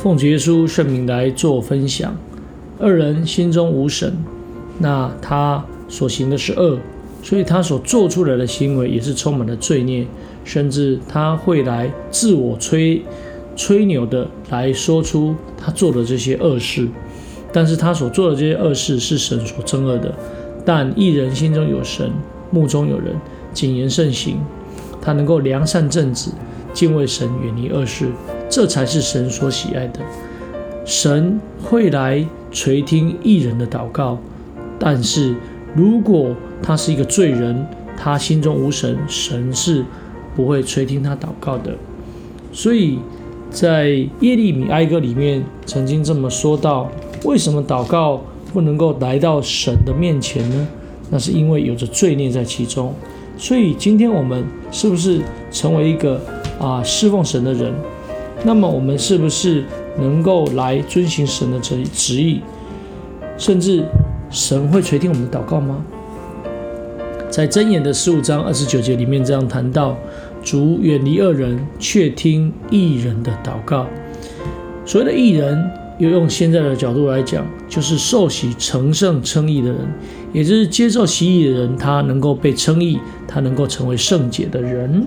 奉耶穌聖名來做分享，惡人心中無神，那他所行的是惡，所以他所做出來的行為也是充滿了罪孽，甚至他會來自我吹吹牛的來說出他做的這些惡事，但是他所做的這些惡事是神所憎惡的。但義人心中有神，目中有人，謹言慎行，他能夠良善正直，敬畏神，遠離惡事。這才是神所喜愛的。神會來垂聽義人的禱告，但是如果他是一個罪人，他心中無神，神是不會垂聽他禱告的。所以在耶利米哀歌裡面曾經這麼說道：“為什麼禱告不能夠來到神的面前呢？那是因為有着罪孽在其中。”所以今天我們是不是成為一個啊、呃、侍奉神的人？那麼我們是不是能夠來遵循神的旨旨意，甚至神會垂聽我們的禱告嗎？在箴言的十五章二十九節裡面這樣談到，主遠離惡人，卻聽義人的禱告。所謂的義人，又用現在的角度來講，就是受洗成聖稱義的人，也就是接受洗禮的人，他能夠被稱義，他能夠成為聖潔的人，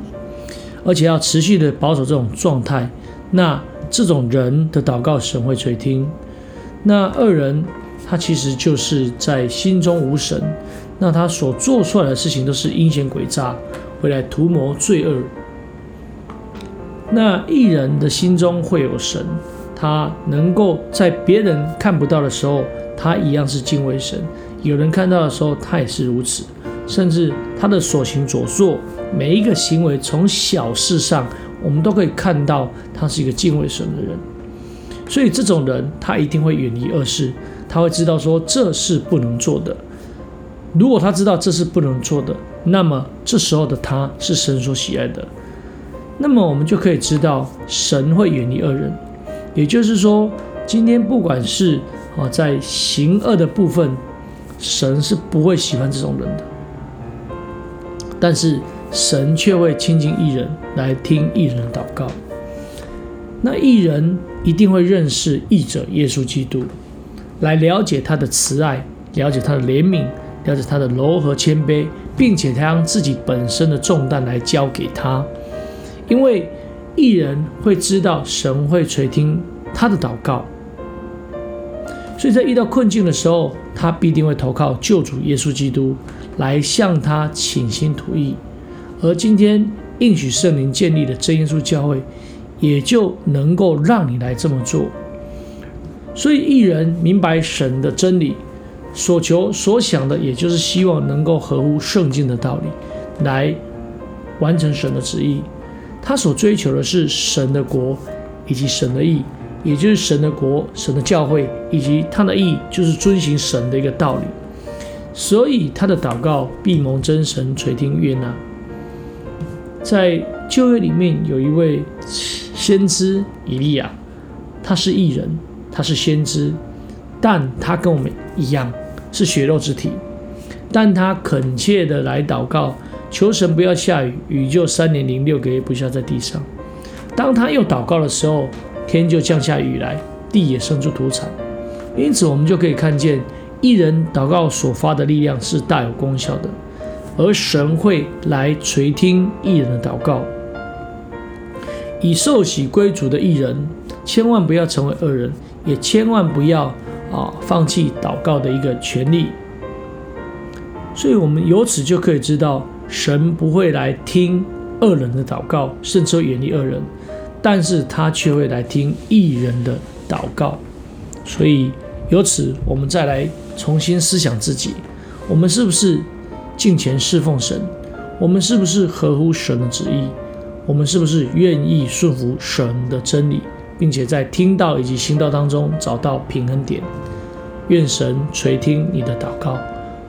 而且要持續的保守這種狀態。那這種人的禱告，神會垂聽。那惡人，他其實就是在心中無神，那他所做出來的事情都是陰險詭詐，回來圖謀罪惡。那義人的心中會有神，他能夠在別人看不到的時候，他一樣是敬畏神；有人看到的時候，他也是如此。甚至他的所行所作，每一個行為，從小事上。我們都可以看到，他是一個敬畏神的人，所以這種人，他一定會遠離惡事，他會知道說，這是不能做的。如果他知道這是不能做的，那麼這時候的他是神所喜愛的。那麼我們就可以知道，神會遠離惡人，也就是說，今天不管是啊在行惡的部分，神是不會喜歡這種人的。但是。神卻會親近義人，來聽義人的禱告。那義人一定會認識義者耶穌基督，來了解他的慈愛，了解他的憐憫，了解他的柔和謙卑，並且他將自己本身的重擔來交給他。因為義人會知道神會垂聽他的禱告，所以在遇到困境的時候，他必定會投靠救主耶穌基督，來向他傾心吐意。而今天應許聖靈建立的真耶穌教會，也就能夠讓你來這麼做。所以，義人明白神的真理，所求所想的，也就是希望能夠合乎聖經的道理，來完成神的旨意。他所追求的是神的國以及神的義，也就是神的國、神的教會以及他的義，就是遵循神的一個道理。所以，他的禱告必蒙真神垂聽悅納。在舊約裡面有一位先知以利亞，他是義人，他是先知，但他跟我們一樣是血肉之體，但他懇切的來禱告，求神不要下雨，雨就三年零六個月不下在地上。當他又禱告的時候，天就降下雨來，地也生出土產。因此，我們就可以看見義人禱告所發的力量是大有功效的。而神會來垂聽義人的禱告，以受洗歸主的義人，千萬不要成為惡人，也千萬不要啊放棄禱告的一個權利。所以，我們由此就可以知道，神不會來聽惡人的禱告，甚至遠離惡人，但是他卻會來聽義人的禱告。所以，由此我們再來重新思想自己，我們是不是？敬虔侍奉神，我們是不是合乎神的旨意？我們是不是願意順服神的真理，並且在聽道以及行道當中找到平衡點？願神垂聽你的禱告。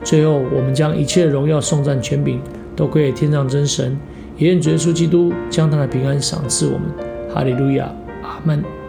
最後，我們將一切榮耀頌讚權柄都歸給天上真神，也願主耶穌基督將他的平安賞賜我們。哈利路亞，阿門。